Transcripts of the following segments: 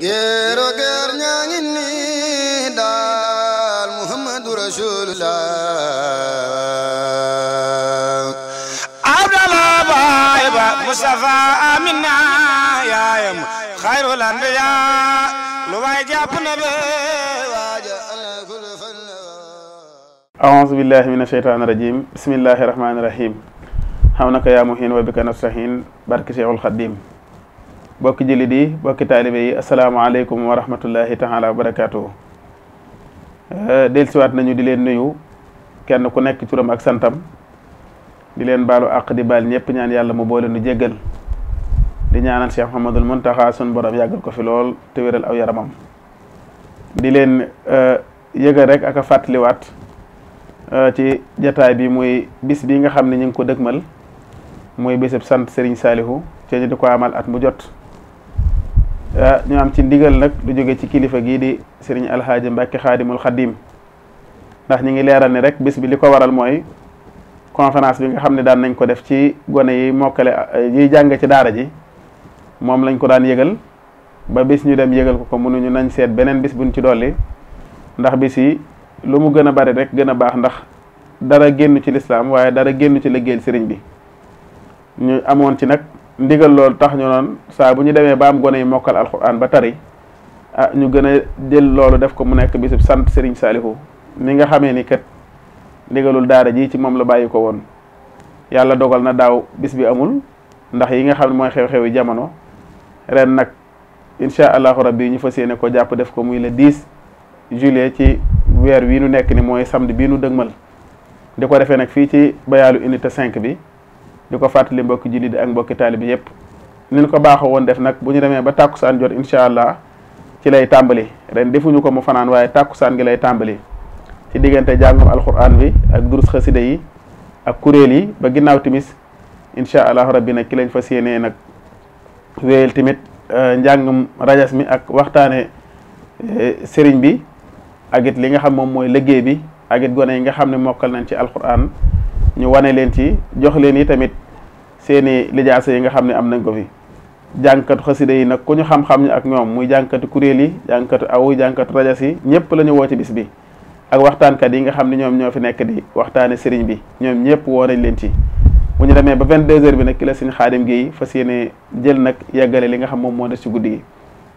géero géer ñaa ngi nii daal muhammadu rasulullah abdallah baay ba mustafa amina yaayam xayrul anbiya lu waay jàpp na be waaja alakul fan aouzu billahi min asheytaani rajim bismillahi rahmaani rahim xam naka yaa muhin wa bika nastahin barki cheikhul xadim bokki jullit yi bokki taalibe yi asalaamaaleykum wa rahmatullahi taala wa barakaatu. Eh, dellusiwaat nañu di leen nuyu kenn ku nekk turam ak santam di leen baalu àq di baal ñëpp ñaan yàlla mu boole nu jéggal di ñaanal Cheikh Mouhamadul Mountakha sun borom yàggal ko fi lool te wéral aw yaramam. di leen eh, yëgal rek ak a fàttaliwaat eh, ci jataay bi muy bis bi nga xam ne ñu ngi ko dëgmal muy bésub sant Serigne Salihu te ñu di ko amal at mu jot. Ah, ñu am ci ndigal nag du jóge ci kilifa gii di sëriñ alxaaji Mbàkke xaadimul xadim ndax ñu ngi leeral ni rek bis bi li ko waral mooy conférence bi nga xam ne daan nañ ko def ci gone yi mokkale ah, yiy jàng ci daara ji moom lañ ko daan yëgal ba bis ñu dem yëgal ko ko mënuñu nañ seet beneen bis buñ ci dolli ndax bis yi lu mu gën a bari rek gën a baax ndax dara génn ci lislaam waaye dara génn ci liggéeyal sëriñ bi ñu amoon ci nag ndigal loolu tax ñu noon saa bu ñu demee ba am gone yi mokkal alxuraan ba tari ah ñu gën a jël loolu def ko mu nekk bisib sant Serigne Saliou mi nga xamee ni kat ndigalul daara ji ci moom la bàyyi ko woon yàlla dogal na daaw bis bi amul ndax yi nga xam ne mooy xew-xewi jamono ren nag incha allahu rabbi ñu fa yéene ko jàpp def ko muy le 10 juillet ci weer wii nu nekk ni mooy samd bii nu dëgmal di ko defee nag fii ci bayaalu unité cinq bi di ko fàttali mbokki jullit ak mbokki taalibi yëpp nin ko baaxoo woon def nag bu ñu demee ba tàkkusaan jot incha allah ci lay tàmbali ren defuñu ko mu fanaan waaye tàkkusaan gi lay tàmbali ci diggante jàngum alquran bi ak durus xasida ak kuréel yi ba ginnaaw timis incha allah rabbi nag ki lañ fas yéenee nag wéyal tamit eh, njàngum rajas mi ak waxtaane eh, sëriñ bi ak li nga xam moom mooy liggéey bi ak it gone yi nga xam ne mokkal nañ ci alquran ñu wane leen ci jox leen yi tamit seeni lijaasa yi nga xam ne am nañ ko fi jànkatu xasida yi nag ku ñu xam-xam ñi ak ñoom muy jànkatu kuréel yi jànkatu aw jànkatu rajas yi ñëpp la ñu woo ci bis bi ak waxtaankat yi nga xam ne ñoom ñoo fi nekk di waxtaane sëriñ bi ñoom ñëpp woo nañ leen ci bu ñu demee ba 22 heures bi nag kilo la sëriñ Xaadim Géey fas yéene jël nag yeggale li nga xam moom moo des ci guddi gi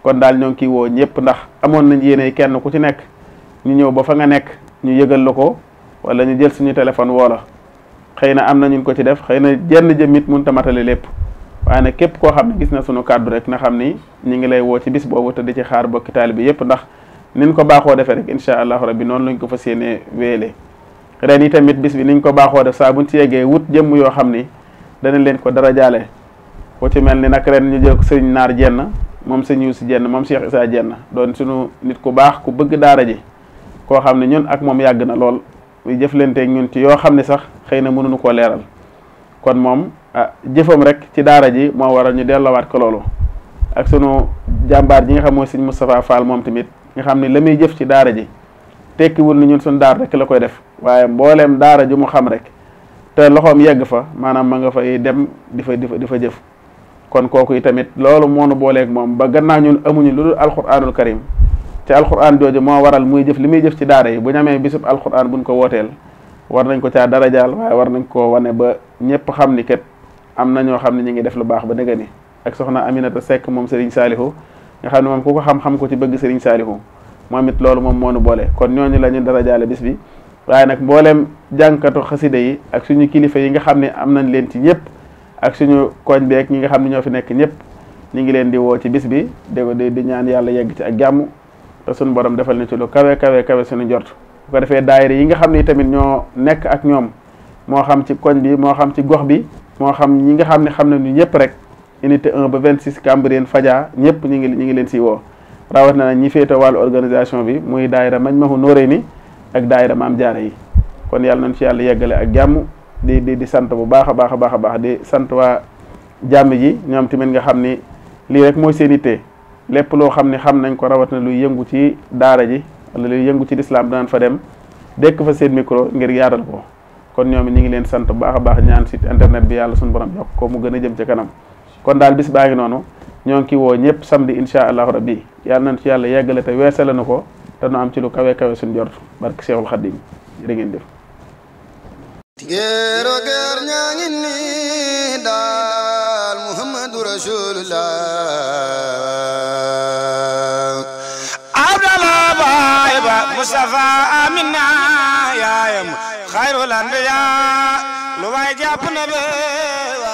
kon daal ñoo ngi kii woo ñëpp ndax amoon nañ yéene kenn ku ci nekk ñu ñëw ba fa nga nekk ñu yëgal la ko wala ñu jël suñu téléphone woo xëy na am na ñun ko ci def xëy na jenn jëmmit mënut a matale lépp waaye nag képp koo xam ne gis na sunu kàddu rek na xam ni ñu ngi lay woo ci bis boobu te di ci xaar bokki taalibe yépp ndax niñ ko baaxoo defee rek incha allahu rabbi noonu lañ ko fas yéenee weele ren yi tamit bis bi niñ ko baaxoo def saa buñ ci yeggee wut jëmm yoo xam ni danañ leen ko dara jaale ku ci mel ni nag ren ñu jël sëriñ naar jenn moom sëñ Yuusu jenn moom Cheikh Isaa jenn doon sunu nit ku baax ku bëgg daara ji koo xam ne ñun ak moom yàgg na lool muy jëflanteeg ñun yoo xam ne sax xëy na mënuñu koo leeral kon moom ah jëfam rek ci daara ji moo waral ñu delloowaat ko loolu ak sunu jàmbaar ji nga xam mooy sëñ Moustapha Fall moom tamit nga xam ni la muy jëf ci daara ji tekkiwul ni ñu suñu daar rek la koy def waaye mbooleem daara ju mu xam rek te loxoom yegg fa maanaam ma nga fay dem di fa di fa di fa jëf kon kooku yi tamit loolu moo nu booleeg moom ba gannaaw ñun amuñu lu dul alquranul karim ci alquran jooju moo waral muy jëf li muy jëf ci daara yi bu ñu amee bisub alquran buñ ko wooteel war nañ ko dara jaal waaye war nañ koo wane ba ñëpp xam ni kat am na ñoo xam ne ñu ngi def lu baax ba dëgg ni ak soxna Aminata sekk moom Serigne Salihu nga xam ne moom ku ko xam-xam ko ci bëgg Serigne Salihu moom it loolu moom moo nu boole kon ñooñu la dara darajaale bis bi waaye nag mbooleem jànkatu xasida yi ak suñu kilifa yi nga xam ne am nañ leen ci ñëpp ak suñu koñ beek ñi nga xam ne ñoo fi nekk ñëpp ñu ngi leen di woo ci bis bi di di ñaan yàlla yegg ci ak jàmm te suñu borom defal na ci lu kawe kawe kawe bu ko defee daayira yi nga xam ni tamit ñoo nekk ak ñoom moo xam ci koñ bi moo xam ci gox bi moo xam ñi nga xam ne xam nañu ñëpp rek unité 1 ba 26 Cambérène Fadia ñëpp ñu ngi ñu ngi leen si woo rawat na ñi féete wàllu organisation bi muy daayira nooree Nurayni ak daayira Maam Jaara yi kon yàlla nañu ci yàlla yeggale ak jàmm di di sant bu baax a baax a baax a baax di sant waa jàmm ji ñoom tamit nga xam ni lii rek mooy seen ittee lépp loo xam ne xam nañ ko rawat na yëngu ci daara ji wala luy yëngu ci lislaam daan fa dem dekk fa seen micro ngir yaatal ko kon ñoom it ñu ngi leen sant bu baax a baax ñaan site internet bi yàlla suñu borom yokk ko mu gën a jëm ca kanam kon daal bis baa ngi noonu ñoo ngi ki woo ñëpp samedi insha allahu rabbi yàlla nañ ci yàlla yeggale te weesale na ko te nu am ci lu kawe kawe suñu jort barke Seexul Xadiim jërë ngeen jëf Mustafa Amina yaayam xayrul anbiya lu waay jàpp na be